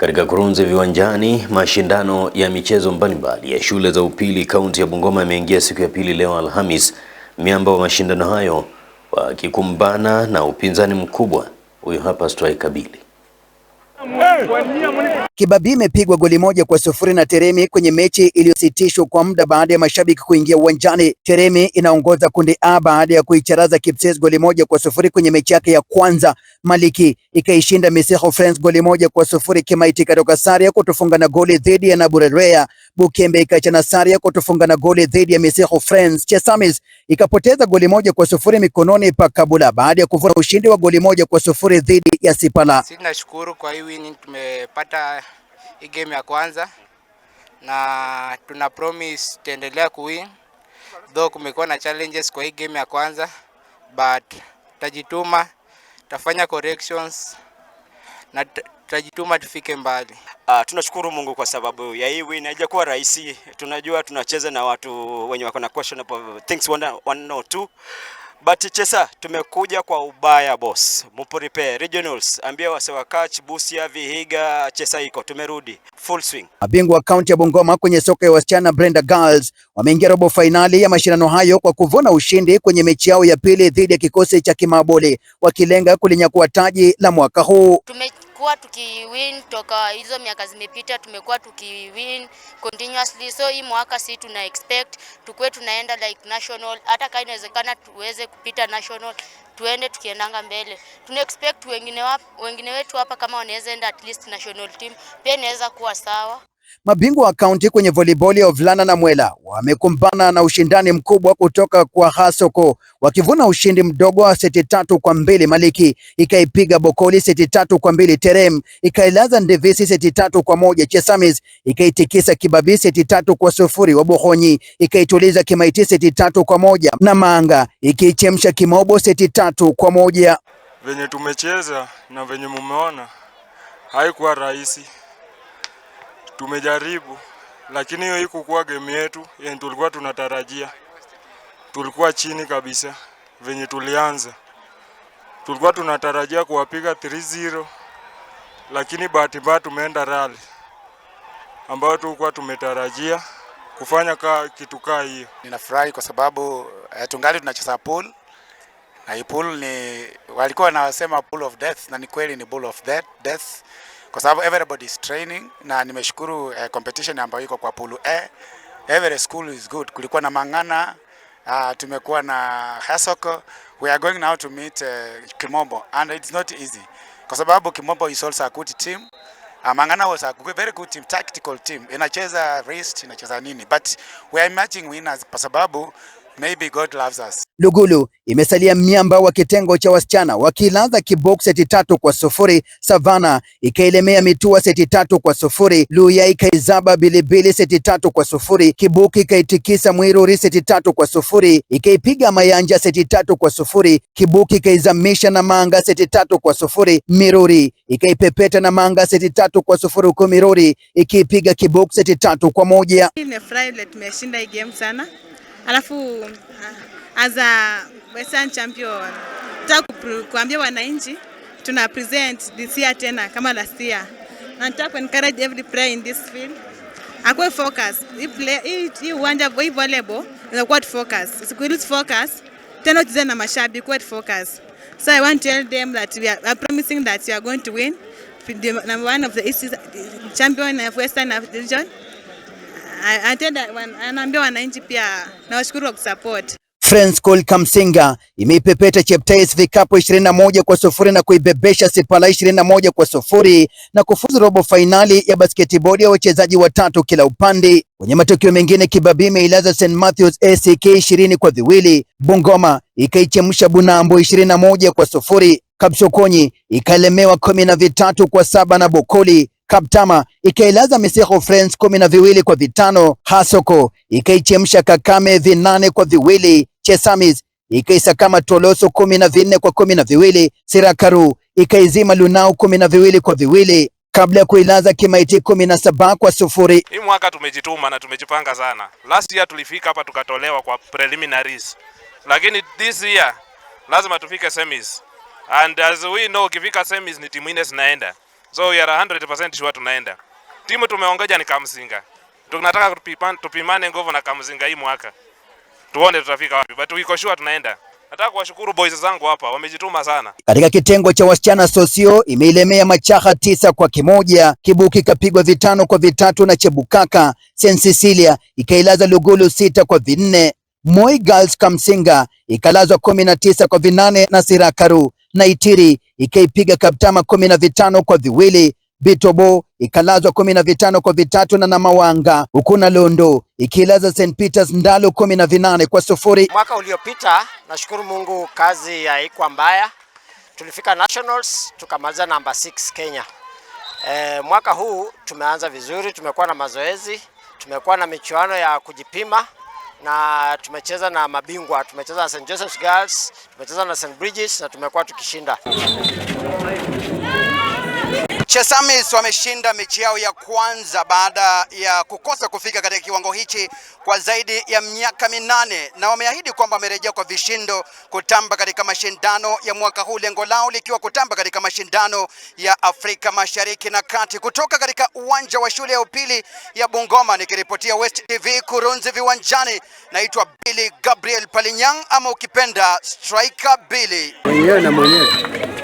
Katika kurunzi viwanjani, mashindano ya michezo mbalimbali ya shule za upili kaunti ya Bungoma yameingia siku ya pili leo Alhamis, miamba wa mashindano hayo wakikumbana na upinzani mkubwa. huyo hapa Strike kabili Kibabii imepigwa goli moja kwa sufuri na Teremi kwenye mechi iliyositishwa kwa muda baada ya mashabiki kuingia uwanjani. Teremi inaongoza kundi A baada ya kuicharaza Kipses goli moja kwa sufuri kwenye mechi yake ya kwanza. Maliki ikaishinda Miseho Friends goli moja kwa sufuri, Kimaiti ikatoka sare ya kutofunga na goli dhidi ya Naburerea. Bukembe ikachana sare ya kutofunga na goli dhidi ya Miseho Friends. Chesamis ikapoteza goli moja kwa sufuri mikononi pa Kabula baada ya kuvuna ushindi wa goli moja kwa sufuri dhidi ya Sipala. Sina shukuru kwa hii tumepata hii game ya kwanza na tuna promise tutaendelea kuwin, though kumekuwa na challenges kwa hii game ya kwanza, but tutajituma, tutafanya corrections na tutajituma tufike mbali. Uh, tunashukuru Mungu kwa sababu ya hii win haijakuwa rahisi. Tunajua tunacheza na watu wenye wako na questionable things one or two But Chesa, tumekuja kwa ubaya boss. Mupuripe Regionals, ambia wasewakach Busia, Vihiga, Chesa iko tumerudi full swing. Mabingwa wa kaunti ya Bungoma kwenye soka ya wasichana Brenda Girls wameingia robo fainali ya mashindano hayo kwa kuvuna ushindi kwenye mechi yao ya pili dhidi ya kikosi cha Kimaboli wakilenga kulinyakua taji la mwaka huu. Tume tumekuwa tukiwin toka hizo miaka zimepita, tumekuwa tukiwin continuously, so hii mwaka si tuna expect tukue tunaenda like national, hata kama inawezekana tuweze kupita national, tuende tukiendanga mbele. Tuna expect wengine, wengine wetu hapa kama wanaweza enda at least national team, pia inaweza kuwa sawa. Mabingwa wa kaunti kwenye voliboli ya wavulana na mwela wamekumbana na ushindani mkubwa kutoka kwa Hasoko wakivuna ushindi mdogo wa seti tatu kwa mbili. Maliki ikaipiga Bokoli seti tatu kwa mbili. Terem ikailaza Ndevisi seti tatu kwa moja. Chesamis ikaitikisa Kibabi seti tatu kwa sufuri. bohonyi ikaituliza Kimaiti seti tatu kwa moja na Manga ikiichemsha Kimobo seti tatu kwa moja. Venye tumecheza na venye mumeona haikuwa rahisi. Tumejaribu, lakini hiyo ikukuwa game yetu yenye tulikuwa tunatarajia. Tulikuwa chini kabisa venye tulianza, tulikuwa tunatarajia kuwapiga 3-0 lakini bahati mbaya tumeenda rally ambayo tulikuwa tumetarajia kufanya ka, kitu kaa hiyo. Ninafurahi kwa sababu eh, tungali tunacheza pool na hii pool ni walikuwa wanasema pool of death, na ni kweli ni pool of death kwa sababu everybody is training, na nimeshukuru eh, competition ambayo iko kwa pool A. Every school is good. Kulikuwa na mang'ana uh, tumekuwa na hasoko. We are going now to meet uh, Kimombo and it's not easy kwa sababu Kimombo is also a good team. Uh, Mangana was a very good team, tactical team. Inacheza wrist, inacheza nini. But we are imagining winners kwa sababu Maybe God loves us. Lugulu imesalia miamba wa kitengo cha wasichana wakilaza kibox seti tatu kwa sufuri. Savana ikailemea mitua seti tatu kwa sufuri. Luya ikaizaba bilibili seti tatu kwa sufuri. Kibuki ikaitikisa mwiruri seti tatu kwa sufuri. Ikaipiga mayanja seti tatu kwa sufuri. Kibuki ikaizamisha na manga seti tatu kwa sufuri. Miruri ikaipepeta na manga seti tatu kwa sufuri, huku miruri ikiipiga kibok seti tatu kwa moja. tumeshinda hii game sana alafu ah, as a Western champion nataka kuambia wananchi tuna present this year tena kama last year, na nataka encourage every player in this field akwe focus hii uwanja wa volleyball inakuwa focus siku hizi focus tena ucheze na mashabiki kwa focus. So I want to tell them that we are promising that we are going to win the number one of the East champion of Western region anaambia wananchi pia, nawashukuru kwa kusupport. Friends Call Kamsinga imeipepeta Cheptais vikapu 21 kwa sufuri na kuibebesha Sipala 21 kwa sufuri na kufuzu robo fainali ya basketibodi ya wachezaji watatu kila upande. Kwenye matokeo mengine, Kibabii imeilaza St Matthews ACK 20 kwa viwili, Bungoma ikaichemsha Bunambo 21 kwa sufuri, Kapsokonyi ikalemewa kumi na vitatu kwa saba na Bokoli Kaptama ikailaza Misikho Friends kumi na viwili kwa vitano. Hasoko ikaichemsha Kakame vinane kwa viwili. Chesamis ikaisakama Toloso kumi na vinne kwa kumi na viwili. Sirakaru ikaizima Lunao kumi na viwili kwa viwili kabla ya kuilaza Kimaiti kumi na saba kwa sufuri. Hii mwaka tumejituma na tumejipanga sana. Last year tulifika hapa tukatolewa kwa preliminaries, lakini this year lazima tufike semis, and as we know ukifika semis ni timu ine zinaenda So we are 100% sure tunaenda. Timu tumeongoja ni Kamzinga. Tunataka tupimane, tupimane nguvu na Kamzinga hii mwaka. Tuone tutafika wapi. But we sure tunaenda. Nataka kuwashukuru boys zangu hapa, wamejituma sana. Katika kitengo cha wasichana Sosio imeilemea Machaha tisa kwa kimoja, Kibuki ikapigwa vitano kwa vitatu na Chebukaka. Saint Cecilia ikailaza Lugulu sita kwa vinne. Moi Girls Kamsinga ikalazwa kumi na tisa kwa vinane na Sirakaru na Itiri ikaipiga Kaptama kumi na vitano kwa viwili. Bitobo ikalazwa kumi na vitano kwa vitatu na Namawanga, huku na Londo ikilaza St Peters Ndalo kumi na vinane kwa sufuri. Mwaka uliopita nashukuru Mungu kazi haikuwa mbaya, tulifika nationals tukamaliza namba 6 Kenya. E, mwaka huu tumeanza vizuri, tumekuwa na mazoezi, tumekuwa na michuano ya kujipima na tumecheza na mabingwa, tumecheza na St Joseph's Girls, tumecheza na St Bridges na tumekuwa tukishinda Chesamis wameshinda mechi yao ya kwanza baada ya kukosa kufika katika kiwango hichi kwa zaidi ya miaka minane na wameahidi kwamba wamerejea kwa vishindo kutamba katika mashindano ya mwaka huu, lengo lao likiwa kutamba katika mashindano ya Afrika Mashariki na Kati. Kutoka katika uwanja wa shule ya upili ya Bungoma, nikiripotia West TV Kurunzi viwanjani, naitwa Billy Gabriel Palinyang ama ukipenda Striker Billy mwenyewe na mwenyewe